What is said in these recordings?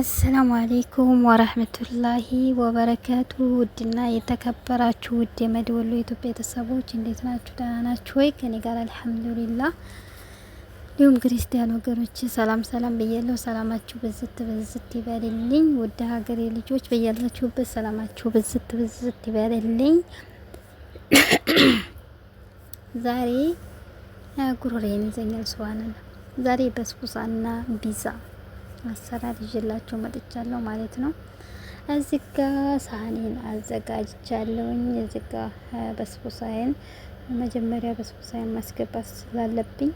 አሰላሙ አሌይኩም ወረህመቱላሂ ወበረከቱ። ውድና የተከበራችሁ ውድ የመድወሎ ኢትዮጵያ ቤተሰቦች እንዴት ናችሁ? ደህና ናችሁ ወይ? ከኔ ጋር አልሐምዱሊላ። እንዲሁም ክርስቲያን ወገኖች ሰላም ሰላም ብያለሁ። ሰላማችሁ ብዝት ብዝት ይበልልኝ። ውድ ሀገሬ ልጆች በያላችሁበት ሰላማችሁ ብዝት ብዝት ይበልልኝ። ዛሬ ጉሮሬን ይዘኛል። ስዋንና ዛሬ በስኩሳና ቢዛ አሰራር ይዤላችሁ መጥቻለሁ ማለት ነው። እዚህ ጋ ሳህኔን አዘጋጅቻለሁኝ። እዚህ ጋ በስቡሳዬን መጀመሪያ በስቡሳዬን ማስገባት ስላለብኝ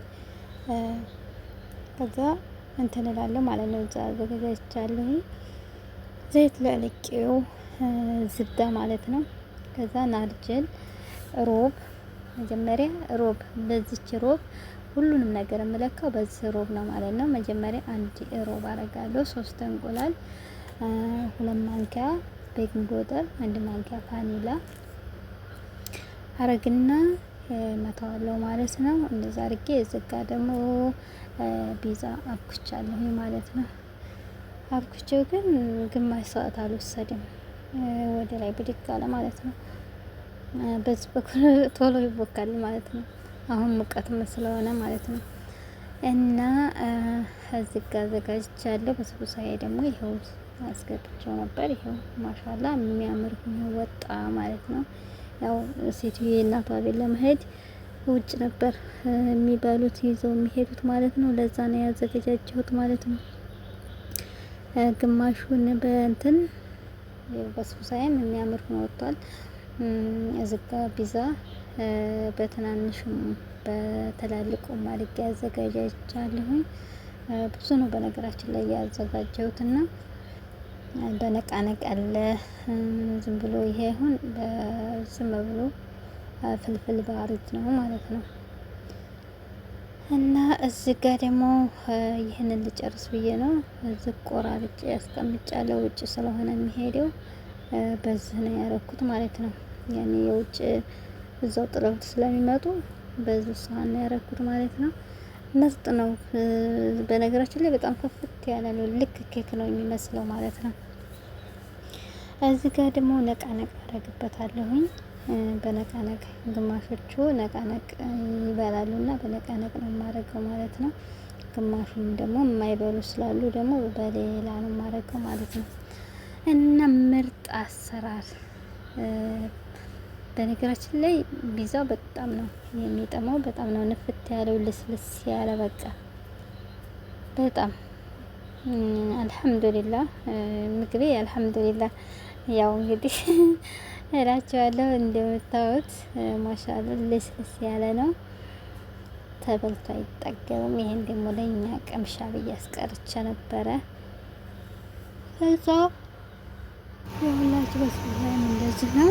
ከዛ እንትን እላለሁ ማለት ነው። እዛ አዘጋጅቻለሁኝ ዘይት ለልቄው ዝብዳ ማለት ነው። ከዛ ናርጀል ሮብ መጀመሪያ ሮብ በዚች ሮብ ሁሉንም ነገር የምለካው በዚህ ሮብ ነው ማለት ነው። መጀመሪያ አንድ ሮብ አረጋለሁ። ሶስት እንቁላል፣ ሁለት ማንኪያ ቤኪንግ ፓውደር፣ አንድ ማንኪያ ቫኒላ አረግና መታዋለው ማለት ነው። እንደዛ አርጌ የዘጋ ደግሞ ቢዛ አብኩቻለሁ ማለት ነው። አብኩቼው ግን ግማሽ ሰዓት አልወሰድም ወደ ላይ ብድግ አለ ማለት ነው። በዚህ በኩል ቶሎ ይቦካል ማለት ነው። አሁን ሙቀትም ስለሆነ ማለት ነው። እና እዚህ እዚጋ አዘጋጅቻለሁ። በስቡሳ ደግሞ ይኸው አስገብቸው ነበር። ይኸው ማሻላ የሚያምር ወጣ ማለት ነው። ያው ሴትዬ እናቷ ቤት ለመሄድ ውጭ ነበር የሚበሉት ይዘው የሚሄዱት ማለት ነው። ለዛ ነው ያዘገጃጀሁት ማለት ነው። ግማሹን በእንትን በስቡሳይም የሚያምር ሆኖ ወጥቷል። እዚጋ ቢዛ በትናንሹም በትላልቁም አድርጌ አዘጋጃጃለሁኝ። ብዙ ነው በነገራችን ላይ ያዘጋጀሁት እና በነቃነቅ ዝም ብሎ ይሄ አሁን ዝም ብሎ ፍልፍል ባህሪት ነው ማለት ነው። እና እዚህ ጋር ደግሞ ይህንን ልጨርስ ብዬ ነው እዚህ ቆራርጬ ያስቀምጫለሁ። ውጭ ስለሆነ የሚሄደው በዚህ ነው ያረኩት ማለት ነው ያኔ የውጭ እዛው ጥለውት ስለሚመጡ በዚህ ሳህን ያረኩት ማለት ነው። ምርጥ ነው። በነገራችን ላይ በጣም ከፍት ያለ ነው። ልክ ኬክ ነው የሚመስለው ማለት ነው። እዚህ ጋር ደግሞ ነቃ ነቃ አረግበታለሁኝ። በነቃነቅ ግማሾቹ ነቀነቅ ይበላሉና በነቀነቅ ነው የማረገው ማለት ነው። ግማሹም ደግሞ የማይበሉ ስላሉ ደግሞ በሌላ ነው የማረገው ማለት ነው። እና ምርጥ አሰራር በነገራችን ላይ ፒዛው በጣም ነው የሚጠማው። በጣም ነው ንፍት ያለው ልስልስ ያለ በቃ በጣም አልሐምዱሊላህ ምግቤ አልሐምዱሊላህ። ያው እንግዲህ እላቸዋለሁ እንደምታዩት ማሻአላ ልስልስ ያለ ነው። ተበልቶ አይጠገብም። ይሄን ደግሞ ለኛ ቀምሻ ብዬ አስቀርቼ ነበረ እዛ የሁላችሁ በስላ እንደዚህ ነው።